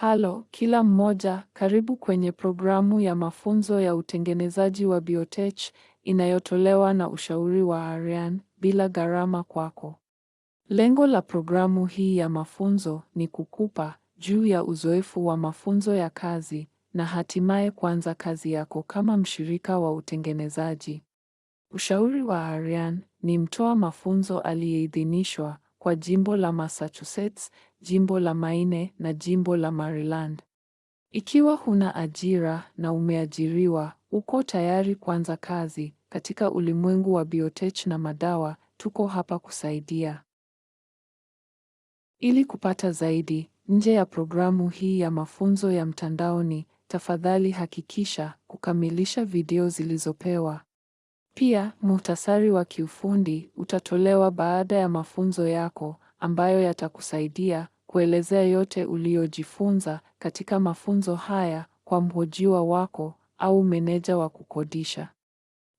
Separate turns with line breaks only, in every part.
Halo kila mmoja, karibu kwenye programu ya mafunzo ya utengenezaji wa biotech inayotolewa na ushauri wa Arian bila gharama kwako. Lengo la programu hii ya mafunzo ni kukupa juu ya uzoefu wa mafunzo ya kazi na hatimaye kuanza kazi yako kama mshirika wa utengenezaji. Ushauri wa Arian ni mtoa mafunzo aliyeidhinishwa kwa jimbo la Massachusetts, jimbo la Maine na jimbo la Maryland. Ikiwa huna ajira na umeajiriwa, uko tayari kuanza kazi katika ulimwengu wa biotech na madawa, tuko hapa kusaidia. Ili kupata zaidi nje ya programu hii ya mafunzo ya mtandaoni, tafadhali hakikisha kukamilisha video zilizopewa. Pia muhtasari wa kiufundi utatolewa baada ya mafunzo yako ambayo yatakusaidia kuelezea yote uliyojifunza katika mafunzo haya kwa mhojiwa wako au meneja wa kukodisha.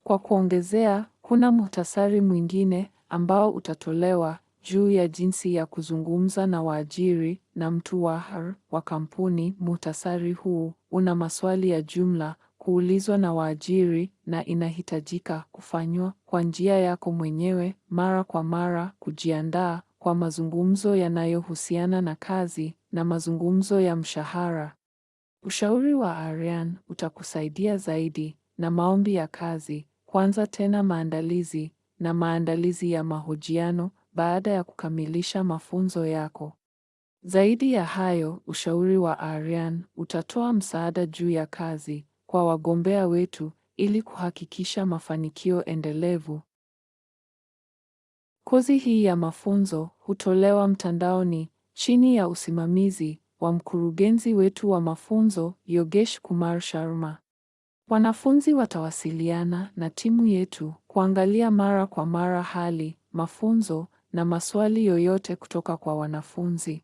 Kwa kuongezea, kuna muhtasari mwingine ambao utatolewa juu ya jinsi ya kuzungumza na waajiri na mtu wa HR wa kampuni. Muhtasari huu una maswali ya jumla kuulizwa na waajiri na inahitajika kufanywa kwa njia yako mwenyewe mara kwa mara, kujiandaa kwa mazungumzo yanayohusiana na kazi na mazungumzo ya mshahara. Ushauri wa arian utakusaidia zaidi na maombi ya kazi. Kwanza tena maandalizi na maandalizi ya mahojiano baada ya kukamilisha mafunzo yako. Zaidi ya hayo, ushauri wa arian utatoa msaada juu ya kazi kwa wagombea wetu ili kuhakikisha mafanikio endelevu. Kozi hii ya mafunzo hutolewa mtandaoni chini ya usimamizi wa mkurugenzi wetu wa mafunzo, Yogesh Kumar Sharma. Wanafunzi watawasiliana na timu yetu kuangalia mara kwa mara hali, mafunzo na maswali yoyote kutoka kwa wanafunzi.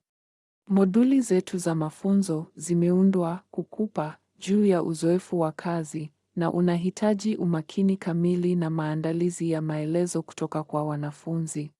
Moduli zetu za mafunzo zimeundwa kukupa juu ya uzoefu wa kazi na unahitaji umakini kamili na maandalizi ya maelezo kutoka kwa wanafunzi.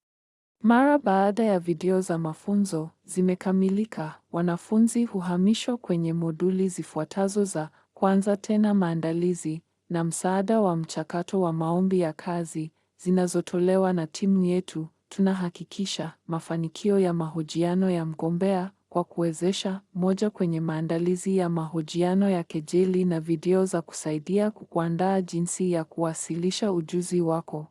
Mara baada ya video za mafunzo zimekamilika, wanafunzi huhamishwa kwenye moduli zifuatazo za kwanza tena maandalizi na msaada wa mchakato wa maombi ya kazi zinazotolewa na timu yetu. Tunahakikisha mafanikio ya mahojiano ya mgombea kwa kuwezesha moja kwenye maandalizi ya mahojiano ya kejeli na video za kusaidia kukuandaa jinsi ya kuwasilisha ujuzi wako.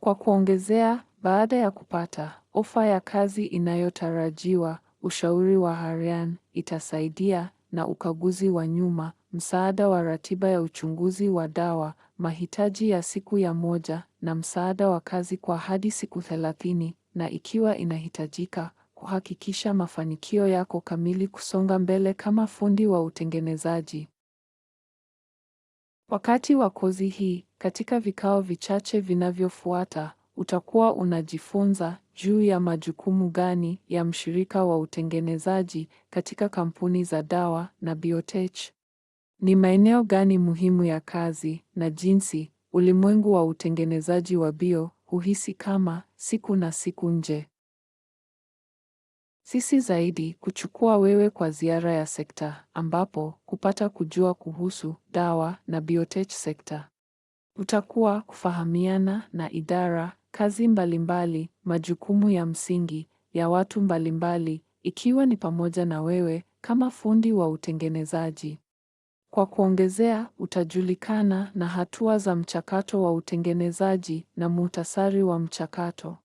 Kwa kuongezea, baada ya kupata ofa ya kazi inayotarajiwa, ushauri wa Harian itasaidia na ukaguzi wa nyuma, msaada wa ratiba ya uchunguzi wa dawa, mahitaji ya siku ya moja na msaada wa kazi kwa hadi siku thelathini na ikiwa inahitajika kuhakikisha mafanikio yako kamili kusonga mbele kama fundi wa utengenezaji. Wakati wa kozi hii, katika vikao vichache vinavyofuata, utakuwa unajifunza juu ya majukumu gani ya mshirika wa utengenezaji katika kampuni za dawa na biotech. Ni maeneo gani muhimu ya kazi na jinsi ulimwengu wa utengenezaji wa bio huhisi kama siku na siku nje sisi zaidi kuchukua wewe kwa ziara ya sekta ambapo kupata kujua kuhusu dawa na biotech sekta. Utakuwa kufahamiana na idara, kazi mbalimbali, majukumu ya msingi ya watu mbalimbali ikiwa ni pamoja na wewe kama fundi wa utengenezaji. Kwa kuongezea, utajulikana na hatua za mchakato wa utengenezaji na muhtasari wa mchakato.